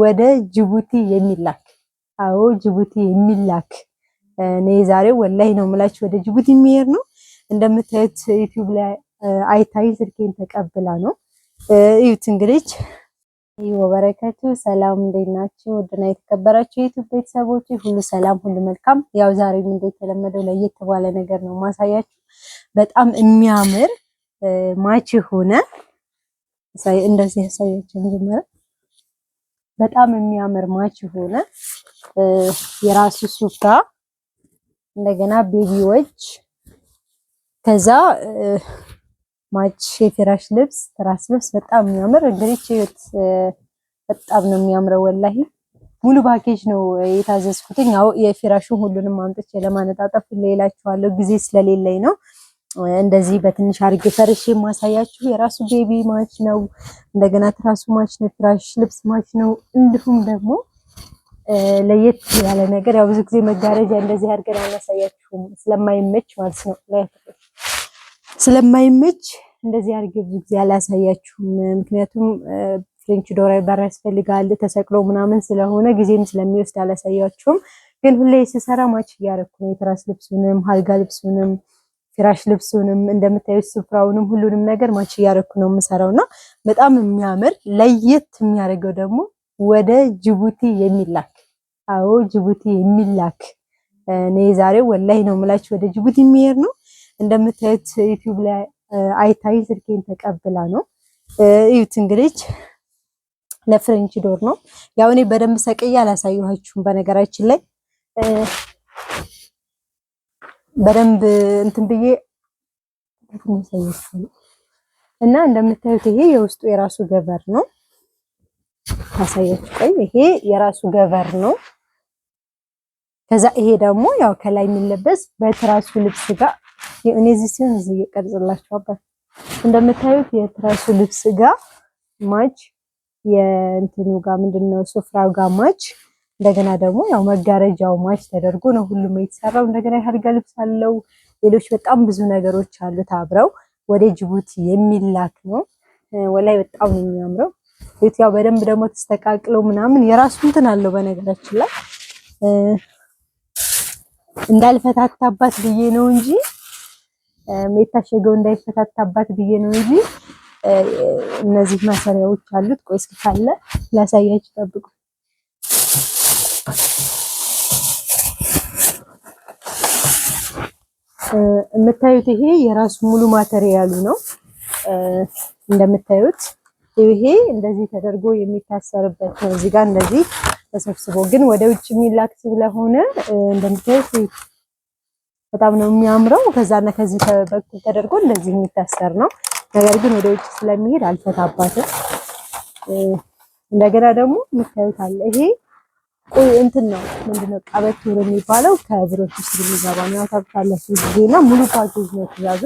ወደ ጅቡቲ የሚላክ አዎ ጅቡቲ የሚላክ እኔ ዛሬው ወላይ ነው የምላችሁ ወደ ጅቡቲ የሚሄድ ነው። እንደምታዩት ዩቲዩብ ላይ አይታይ ስልኬን ተቀብላ ነው እዩት። እንግዲህ ይህ ሰላም፣ እንዴት ናችሁ? ውድና የተከበራችሁ የዩቲዩብ ቤተሰቦች ሁሉ ሰላም፣ ሁሉ መልካም። ያው ዛሬም እንደተለመደው ለየት ባለ ነገር ነው ማሳያችሁ። በጣም የሚያምር ማች ሆነ እንደዚህ ያሳያቸው መጀመሪያ በጣም የሚያምር ማች የሆነ የራሱ ሱፍታ እንደገና ቤቢዎች ከዛ ማች የፍራሽ ልብስ ትራስ ልብስ በጣም የሚያምር እንግዲህ ቼት በጣም ነው የሚያምረው። ወላሂ ሙሉ ፓኬጅ ነው የታዘዝኩትኝ። ያው የፍራሹን ሁሉንም አምጥቼ ለማነጣጠፍ ሌላችኋለሁ ጊዜ ስለሌለኝ ነው። እንደዚህ በትንሽ አርጌ ፈርሽ የማሳያችሁ የራሱ ቤቢ ማች ነው። እንደገና ትራሱ ማች ነው። ትራሽ ልብስ ማች ነው። እንዲሁም ደግሞ ለየት ያለ ነገር ያው ብዙ ጊዜ መጋረጃ እንደዚህ አድርገን አናሳያችሁም ስለማይመች ማለት ነው። ስለማይመች እንደዚህ አድርጌ ብዙ ጊዜ አላሳያችሁም። ምክንያቱም ፍሬንች ዶር በር ያስፈልጋል ተሰቅሎ ምናምን ስለሆነ ጊዜም ስለሚወስድ አላሳያችሁም። ግን ሁሌ ስሰራ ማች እያደረኩ ነው። የትራስ ልብሱንም ሀልጋ ልብሱንም ፍራሽ ልብሱንም እንደምታዩት ስፍራውንም ሁሉንም ነገር ማች እያደረኩ ነው የምሰራው እና በጣም የሚያምር ለየት የሚያደርገው ደግሞ ወደ ጅቡቲ የሚላክ አዎ ጅቡቲ የሚላክ እኔ ዛሬው ወላይ ነው የምላችሁ ወደ ጅቡቲ የሚሄድ ነው እንደምታዩት ዩቲዩብ ላይ አይታይ ስልኬን ተቀብላ ነው እዩት እንግዲህ ለፍሬንች ዶር ነው ያው እኔ በደንብ ሰቅዬ አላሳየኋችሁም በነገራችን ላይ በደንብ እንትን ብዬ እና እንደምታዩት ይሄ የውስጡ የራሱ ገበር ነው። አሳያችሁ። ቆይ ይሄ የራሱ ገበር ነው። ከዛ ይሄ ደግሞ ያው ከላይ የሚለበስ በትራሱ ልብስ ጋር የኔ እዚህ ሲሆን እዚህ እየቀርጽላችሁ አባት እንደምታዩት የትራሱ ልብስ ጋር ማች የእንትኑ ጋር ምንድነው ሱፍራው ጋር ማች እንደገና ደግሞ ያው መጋረጃው ማች ተደርጎ ነው ሁሉም የተሰራው። እንደገና የአልጋ ልብስ አለው። ሌሎች በጣም ብዙ ነገሮች አሉት። አብረው ወደ ጅቡቲ የሚላክ ነው። ወላይ በጣም ነው የሚያምረው ቤት። ያው በደንብ ደግሞ ተስተካክለው ምናምን የራሱ እንትን አለው። በነገራችን ላይ እንዳልፈታታባት ብዬ ነው እንጂ የታሸገው እንዳይፈታታባት ብዬ ነው እንጂ እነዚህ ማሰሪያዎች አሉት። ቆይ እስኪ ካለ ላሳያችሁ፣ ጠብቁ። የምታዩት ይሄ የራሱ ሙሉ ማቴሪያሉ ነው። እንደምታዩት ይሄ እንደዚህ ተደርጎ የሚታሰርበት ነው። እዚህ ጋር እንደዚህ ተሰብስቦ ግን ወደ ውጭ የሚላክ ስለሆነ እንደምታዩት በጣም ነው የሚያምረው። ከዛና ከዚህ በኩል ተደርጎ እንደዚህ የሚታሰር ነው። ነገር ግን ወደ ውጭ ስለሚሄድ አልፈታባትም። እንደገና ደግሞ የምታዩት አለ ይሄ ቆይ እንትን ነው ምንድነው ቀበቶ የሚባለው ከብረት ውስጥ የሚገባ ነው። ታውቃላችሁ ጊዜና ሙሉ ፓኬጅ ነው ትእዛዙ።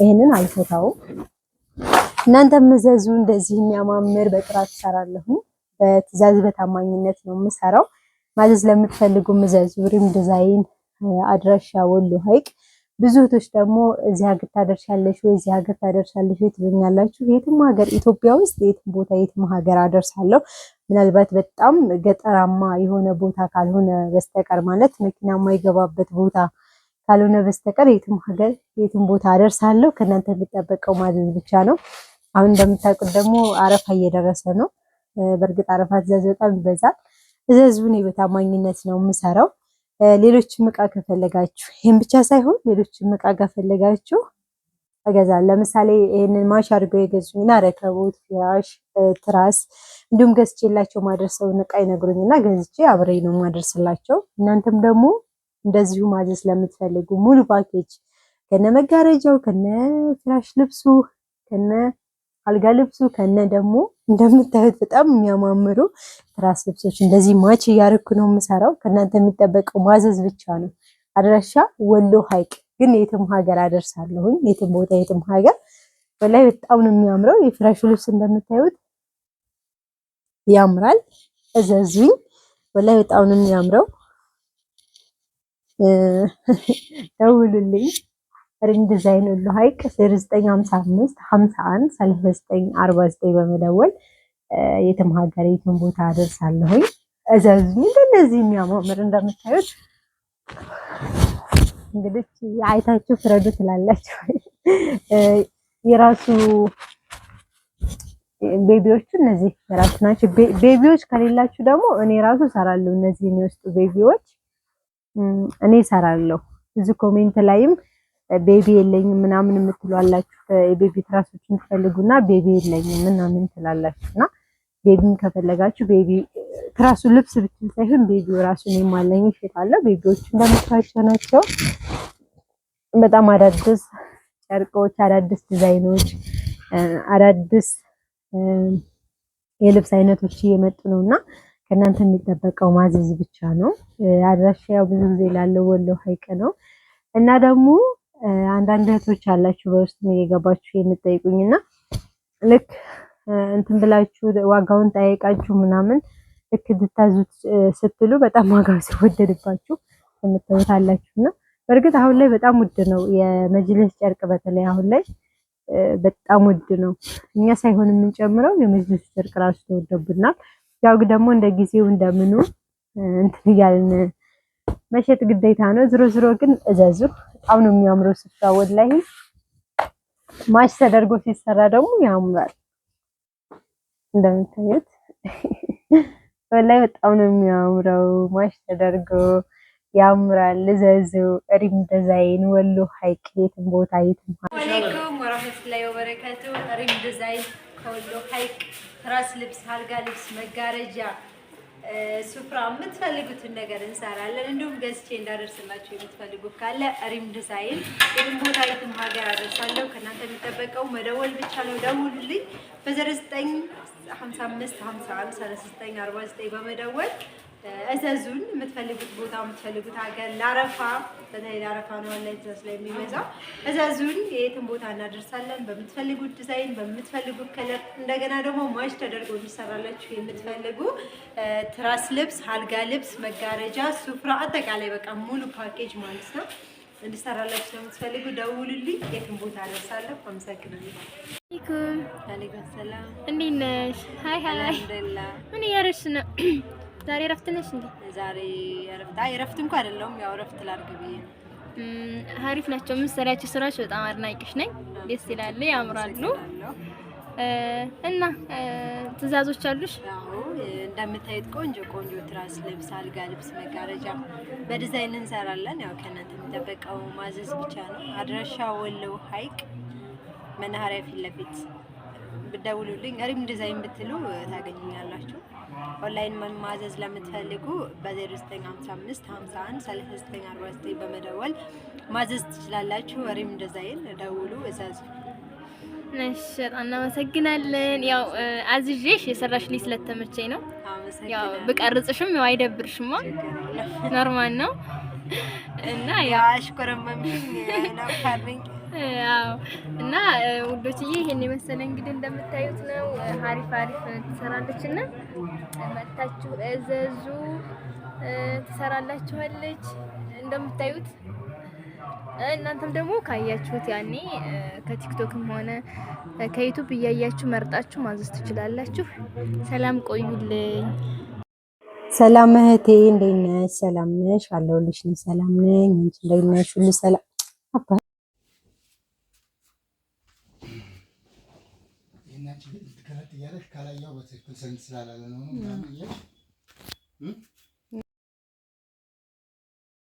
ይሄንን አልፈታውም። እናንተ ምዘዙ። እንደዚህ የሚያማምር በጥራት ሰራለሁ። በትእዛዝ በታማኝነት ነው የምሰራው። ማዘዝ ለምትፈልጉ ምዘዙ። ሪም ዲዛይን አድራሻ ወሎ ሐይቅ። ብዙ እህቶች ደግሞ እዚህ ሀገር ታደርሻለሽ ወይ እዚህ ሀገር ታደርሻለሽ ወይ ትሉኛላችሁ። የትም ሀገር ኢትዮጵያ ውስጥ የትም ቦታ የትም ሀገር አደርሳለሁ። ምናልባት በጣም ገጠራማ የሆነ ቦታ ካልሆነ በስተቀር ማለት መኪና የማይገባበት ቦታ ካልሆነ በስተቀር የትም ሀገር የትም ቦታ አደርሳለሁ። ከእናንተ የሚጠበቀው ማዘዝ ብቻ ነው። አሁን እንደምታውቁት ደግሞ አረፋ እየደረሰ ነው። በእርግጥ አረፋ ትእዛዝ በጣም ይበዛል። እዘዙን በታማኝነት ነው የምሰራው። ሌሎችም እቃ ከፈለጋችሁ ይህም ብቻ ሳይሆን ሌሎችም እቃ ከፈለጋችሁ እገዛለሁ። ለምሳሌ ይህንን ማሽ አድርገው የገዙኝና ረከቦት፣ ፍራሽ፣ ትራስ እንዲሁም ገዝቼላቸው ማድረሰውን እቃ ይነግሩኝና ገዝቼ አብሬ ነው ማደርስላቸው። እናንተም ደግሞ እንደዚሁ ማዘዝ ስለምትፈልጉ ሙሉ ፓኬጅ ከነ መጋረጃው፣ ከነ ፍራሽ ልብሱ፣ ከነ አልጋ ልብሱ ከነ ደግሞ እንደምታዩት በጣም የሚያማምሩ ትራስ ልብሶች እንደዚህ ማች እያደረኩ ነው የምሰራው። ከእናንተ የሚጠበቀው ማዘዝ ብቻ ነው። አድራሻ ወሎ ሐይቅ ግን የትም ሀገር አደርሳለሁኝ። የትም ቦታ የትም ሀገር በላይ በጣም ነው የሚያምረው። የፍራሹ ልብስ እንደምታዩት ያምራል። እዘዙኝ። በላይ በጣም ነው የሚያምረው። ደውሉልኝ። ሪንግ ዲዛይን ሁሉ ሀይቅ 0955 51 39 49 በመደወል የትም ሀገር የትም ቦታ አደርሳለሁኝ። እዘዙኝ። እንደነዚህ የሚያምር እንደምታዩት እንግዲህ አይታችሁ ፍረዱ ትላላችሁ። የራሱ ቤቢዎቹ እነዚህ የራሱ ናቸው። ቤቢዎች ከሌላችሁ ደግሞ እኔ ራሱ እሰራለሁ። እነዚህ የሚወስጡ ቤቢዎች እኔ እሰራለሁ። ብዙ ኮሜንት ላይም ቤቢ የለኝም ምናምን የምትሏላችሁ የቤቢ ትራሶችን ትፈልጉና ቤቢ የለኝም ምናምን እና ቤቢን ከፈለጋችሁ ቤቢ ከራሱ ልብስ ብቻ ሳይሆን ቤቢው ራሱን ማለኝ ይሽጣለ። ቤቢዎች እንደምታቸው ናቸው። በጣም አዳዲስ ጨርቆች፣ አዳዲስ ዲዛይኖች፣ አዳዲስ የልብስ አይነቶች እየመጡ ነው እና ከእናንተ የሚጠበቀው ማዘዝ ብቻ ነው። አድራሻ ያው ብዙ ጊዜ ላለው ወሎ ሀይቅ ነው እና ደግሞ አንዳንድ እህቶች አላችሁ በውስጥ እየገባችሁ የምጠይቁኝ እና ልክ እንትን ብላችሁ ዋጋውን ጠይቃችሁ ምናምን ልክ እንድታዙት ስትሉ በጣም ዋጋው ሲወደድባችሁ የምታዩታላችሁ እና በእርግጥ አሁን ላይ በጣም ውድ ነው የመጅልስ ጨርቅ በተለይ አሁን ላይ በጣም ውድ ነው። እኛ ሳይሆን የምንጨምረው የመጅልሱ ጨርቅ ራሱ ተወዶብናል። ያው ደግሞ እንደ ጊዜው እንደምኑ እንትን እያልን መሸጥ ግዴታ ነው። ዝሮ ዝሮ ግን እዘዙ። በጣም ነው የሚያምረው ስፍራ ላይ ማሽ ተደርጎ ሲሰራ ደግሞ ያምራል። እንደምታዩት በላይ በጣም ነው የሚያምረው። ማሽ ተደርጎ ያምራል። ልዘዙ ሪም ዲዛይን ወሎ ሐይቅ የትም ቦታ የትም አለይኩም ወራህመቱላሂ ወበረካቱ። ሪም ዲዛይን ከወሎ ሐይቅ ትራስ ልብስ፣ አልጋ ልብስ፣ መጋረጃ፣ ሱፍራ የምትፈልጉትን ነገር እንሰራለን። እንዲሁም ገዝቼ እንዳደርስላቸው የምትፈልጉ ካለ ሪም ዲዛይን የትም ቦታ የትም ሀገር አደርሳለሁ። ከእናንተ የሚጠበቀው መደወል ብቻ ነው። ደውሉልኝ በዘረዝጠኝ 55 51 39 49 በመደወል እዘዙን። የምትፈልጉት ቦታ የምትፈልጉት ሀገር ላረፋ በተለይ ላረፋ ነው ላይ ትዛዝ ላይ የሚበዛው እዘዙን። የየትን ቦታ እናደርሳለን በምትፈልጉት ዲዛይን፣ በምትፈልጉት ከለር። እንደገና ደግሞ ማች ተደርጎ የሚሰራላችሁ የምትፈልጉ ትራስ ልብስ፣ አልጋ ልብስ፣ መጋረጃ፣ ሱፍራ፣ አጠቃላይ በቃ ሙሉ ፓኬጅ ማለት ነው። እንዲሰራላችሁ ለምትፈልጉ ደውሉልኝ። የትም ቦታ አደርሳለሁ። አመሰግናለሁ። አለይኩም አለይኩም ሰላም። እንዴት ነሽ? ሃይ ሃይ። ምን እያደረግሽ ነው? ዛሬ እረፍት ነሽ እንዴ? ዛሬ እረፍት። አይ እረፍት እንኳን አይደለሁም፣ ያው እረፍት ላድርግ ብዬ ነው። አሪፍ ናቸው የምትሰሪያቸው ስራዎች። በጣም አድናቂሽ ነኝ። ደስ ይላል፣ ያምራሉ። እና ትዕዛዞች አሉሽ? አዎ እንደምታዩት ቆንጆ ቆንጆ ትራስ ልብስ፣ አልጋ ልብስ፣ መጋረጃ በዲዛይን እንሰራለን። ያው ከእናንተ የሚጠበቀው ማዘዝ ብቻ ነው። አድራሻ ወሎ ሐይቅ መናኸሪያ ፊት ለፊት ብደውሉልኝ ሪም ዲዛይን ብትሉ ታገኙኛላችሁ። ኦንላይን ማዘዝ ለምትፈልጉ በ0955 በመደወል ማዘዝ ትችላላችሁ። ሪም ዲዛይን ደውሉ፣ እዘዙ። እሺ በጣም እናመሰግናለን። ያው አዝዤሽ የሰራሽልኝ ስለተመቸኝ ነው። ያው ብቀርጽሽም ያው አይደብርሽማ ኖርማል ነው እና ያው አሽኮረመምሽኝ ያው እና ውዶችዬ ይሄን የመሰለ እንግዲህ እንደምታዩት ነው። ሀሪፍ ሀሪፍ ትሰራለች እና መታችሁ እዘዙ ትሰራላችኋለች እንደምታዩት እናንተም ደግሞ ካያችሁት ያኔ ከቲክቶክም ሆነ ከዩቱብ እያያችሁ መርጣችሁ ማዘዝ ትችላላችሁ። ሰላም ቆዩልኝ። ሰላም እህቴ እንዴት ነሽ? ሰላም ነሽ? አለሁልሽ። እኔ ሰላም ነኝ። አንቺ እንዴት ነሽ? ሁሉ ሰላም አባ